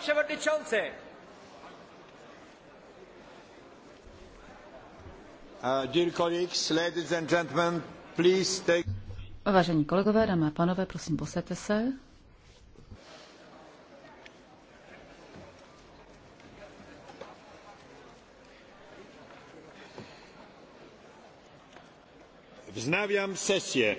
przewodniczący! Uh, dear Vážení kolegové, dámy a pánové, prosím, posaďte se. Vznávám sesie.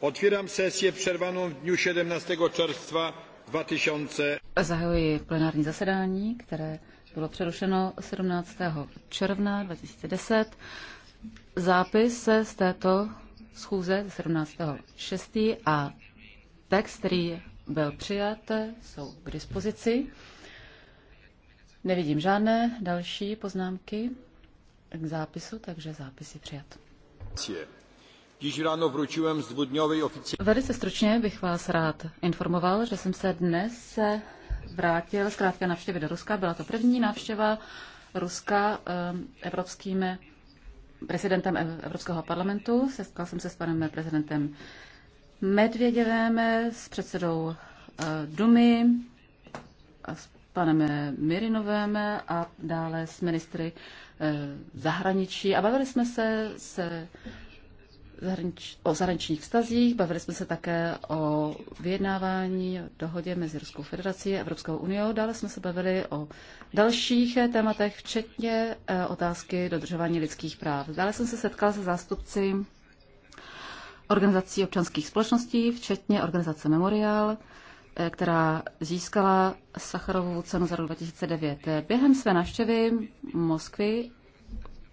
Otvírám sesie přervanou v dniu 17 czerwca 2000. Zahajuji plenární zasedání, které bylo přerušeno 17. června 2010. Zápis se z této schůze 17.6. a text, který byl přijat, jsou k dispozici. Nevidím žádné další poznámky k zápisu, takže zápis je přijat. Dziś ráno vručujem z Velice stručně bych vás rád informoval, že jsem se dnes vrátil z krátké návštěvy do Ruska. Byla to první návštěva Ruska ehm, evropským prezidentem Evropského parlamentu. Setkal jsem se s panem prezidentem Medvěděvem, s předsedou eh, Dumy, a s panem eh, Mirinovem a dále s ministry eh, zahraničí. A bavili jsme se s o zahraničních vztazích, bavili jsme se také o vyjednávání, o dohodě mezi Ruskou federací a Evropskou unii. Dále jsme se bavili o dalších tématech, včetně eh, otázky dodržování lidských práv. Dále jsem se setkal se zástupci organizací občanských společností, včetně organizace Memorial, eh, která získala sacharovou cenu za rok 2009. Během své návštěvy Moskvy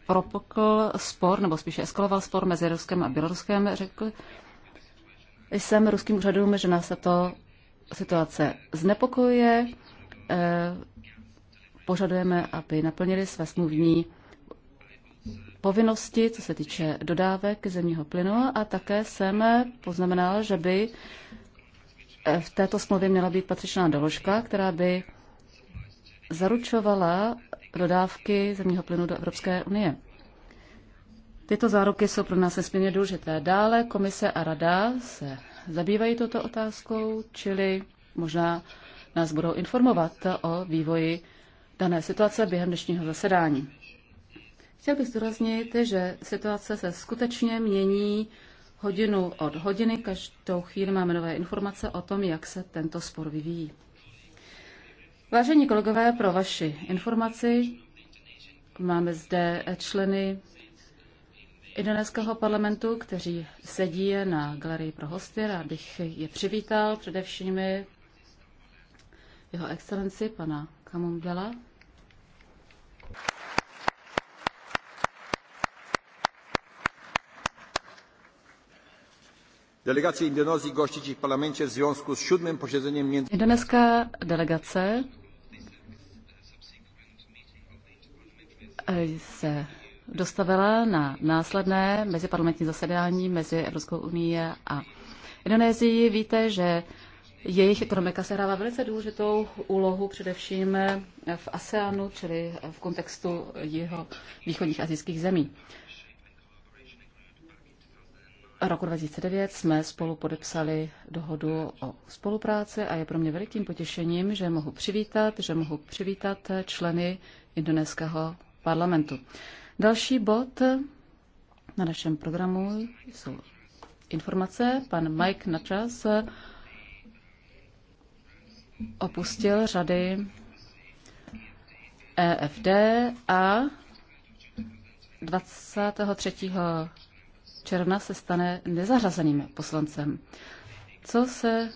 propokl spor, nebo spíše eskaloval spor mezi Ruskem a Běloruskem. Řekl jsem ruským úřadům, že nás tato situace znepokojuje. Eh, požadujeme, aby naplnili své smluvní povinnosti, co se týče dodávek zemního plynu a také jsem poznamenal, že by eh, v této smlouvě měla být patřičná doložka, která by zaručovala dodávky zemního plynu do Evropské unie. Tyto záruky jsou pro nás nesmírně důležité. Dále komise a rada se zabývají tuto otázkou, čili možná nás budou informovat o vývoji dané situace během dnešního zasedání. Chtěl bych zdůraznit, že situace se skutečně mění hodinu od hodiny. Každou chvíli máme nové informace o tom, jak se tento spor vyvíjí. Vážení kolegové, pro vaši informaci máme zde členy indonéského parlamentu, kteří sedí na galerii pro hosty. Rád bych je přivítal, především jeho excelenci pana Kamundela. Delegace Indonésie gościć v parlamencie v związku s siódmym posiedzeniem między... Indonéská delegace se dostavila na následné meziparlamentní zasedání mezi Evropskou unii a Indonésií. Víte, že jejich ekonomika se hrává velice důležitou úlohu především v ASEANu, čili v kontextu jeho východních azijských zemí roku 2009 jsme spolu podepsali dohodu o spolupráci a je pro mě velikým potěšením, že mohu přivítat, že mohu přivítat členy indonéského parlamentu. Další bod na našem programu jsou informace. Pan Mike Natras opustil řady EFD a 23 června se stane nezařazeným poslancem. Co se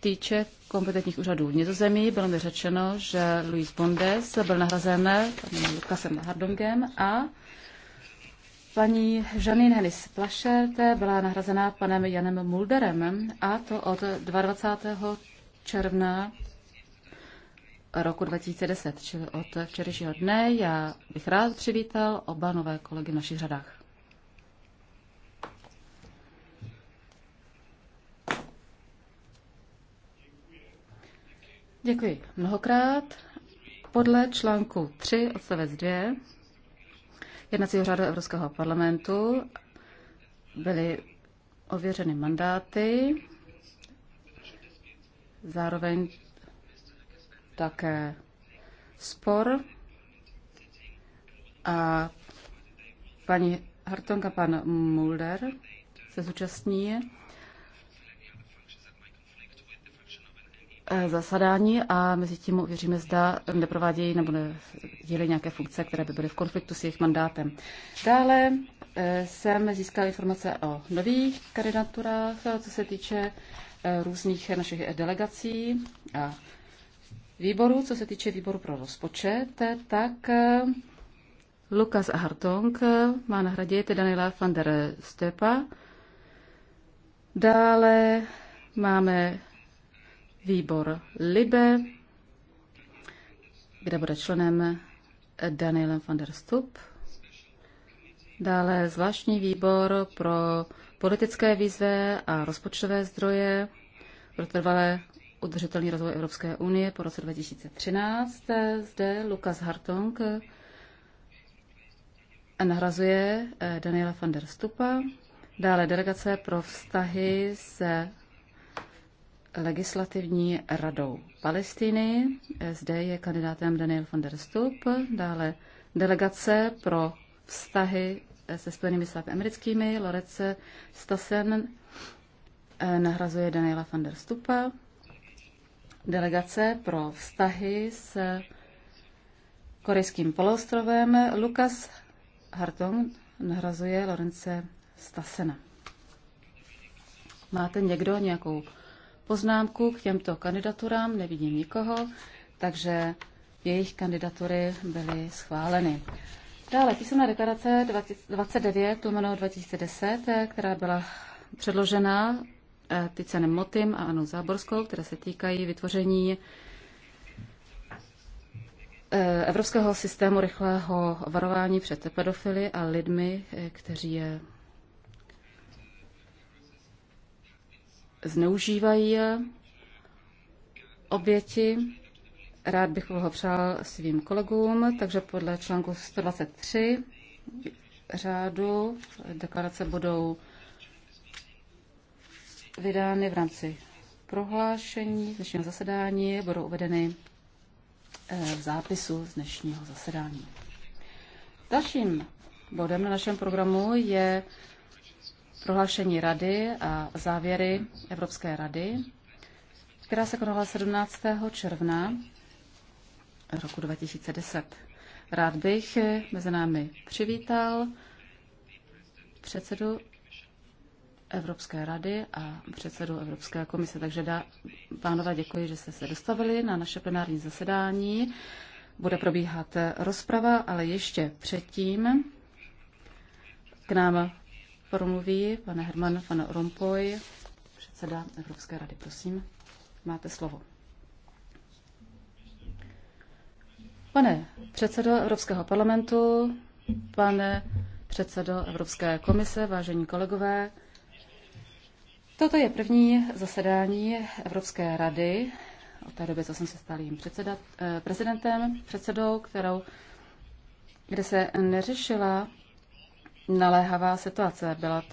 týče kompetentních úřadů v Nizozemí, bylo mi řečeno, že Luis Bondes byl nahrazen Lukasem Hardongem a paní Janine Hennis Plašert byla nahrazená panem Janem Mulderem a to od 22. června roku 2010, čili od včerejšího dne. Já bych rád přivítal oba nové kolegy v našich řadách. Děkuji mnohokrát. Podle článku 3 odstavec 2 jednacího řádu Evropského parlamentu byly ověřeny mandáty, zároveň také spor a paní Hartonka, pan Mulder se zúčastní Eh, zasadání a mezi tím uvěříme, zda neprovádějí nebo dělají nějaké funkce, které by byly v konfliktu s jejich mandátem. Dále eh, jsem získal informace o nových kandidaturách, eh, co se týče různých našich delegací a výborů. Co se týče výboru pro rozpočet, tak Lukas Hartong má nahradit Daniela van der Stepa. Dále máme výbor LIBE, kde bude členem Danielem van der Stup. Dále zvláštní výbor pro politické výzvy a rozpočtové zdroje pro trvalé udržitelný rozvoj Evropské unie po roce 2013. Zde Lukas Hartong nahrazuje eh, Daniela van der Stupa. Dále delegace pro vztahy se legislativní radou Palestiny. Zde je kandidátem Daniel van der Stup, dále delegace pro vztahy se Spojenými státy americkými. Lorece Stassen eh, nahrazuje Daniela van der Stupa. Delegace pro vztahy s korejským poloostrovem Lukas Hartong nahrazuje Lorence Stasena. Máte někdo nějakou poznámku k těmto kandidaturám, nevidím nikoho, takže jejich kandidatury byly schváleny. Dále písemná deklarace 29 lomeno 2010, která byla předložena eh, Ticenem Motym a Anou Záborskou, které se týkají vytvoření eh, Evropského systému rychlého varování před pedofily a lidmi, eh, kteří je zneužívají oběti. Rád bych přál svým kolegům, takže podle článku 123 řádu deklarace budou vydány v rámci prohlášení z dnešního zasedání, budou uvedeny eh, v zápisu z dnešního zasedání. Dalším bodem na našem programu je prohlášení Rady a závěry Evropské rady, která se konala 17. června roku 2010. Rád bych mezi námi přivítal předsedu Evropské rady a předsedu Evropské komise. Takže dá, pánové, děkuji, že jste se dostavili na naše plenární zasedání. Bude probíhat rozprava, ale ještě předtím k nám promluví pan Herman van Rompuy, předseda Evropské rady. Prosím, máte slovo. Pane předsedo Evropského parlamentu, pane předsedo Evropské komise, vážení kolegové, toto je první zasedání Evropské rady od té doby, co jsem se stal jím eh, prezidentem, předsedou, kterou, kde se neřešila naléhavá situace. Byla to